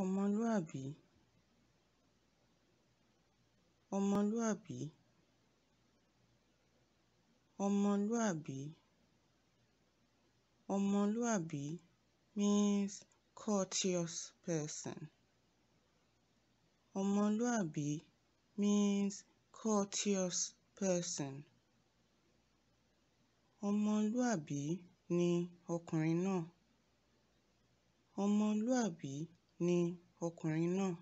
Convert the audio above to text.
ọmọlúàbí ọmọlúàbí ọmọlúàbí ọmọlúàbí means courteous person ọmọlúàbí means courteous person ọmọlúàbí ni ọkùnrin náà ọmọlúàbí ni ọkùnrin náà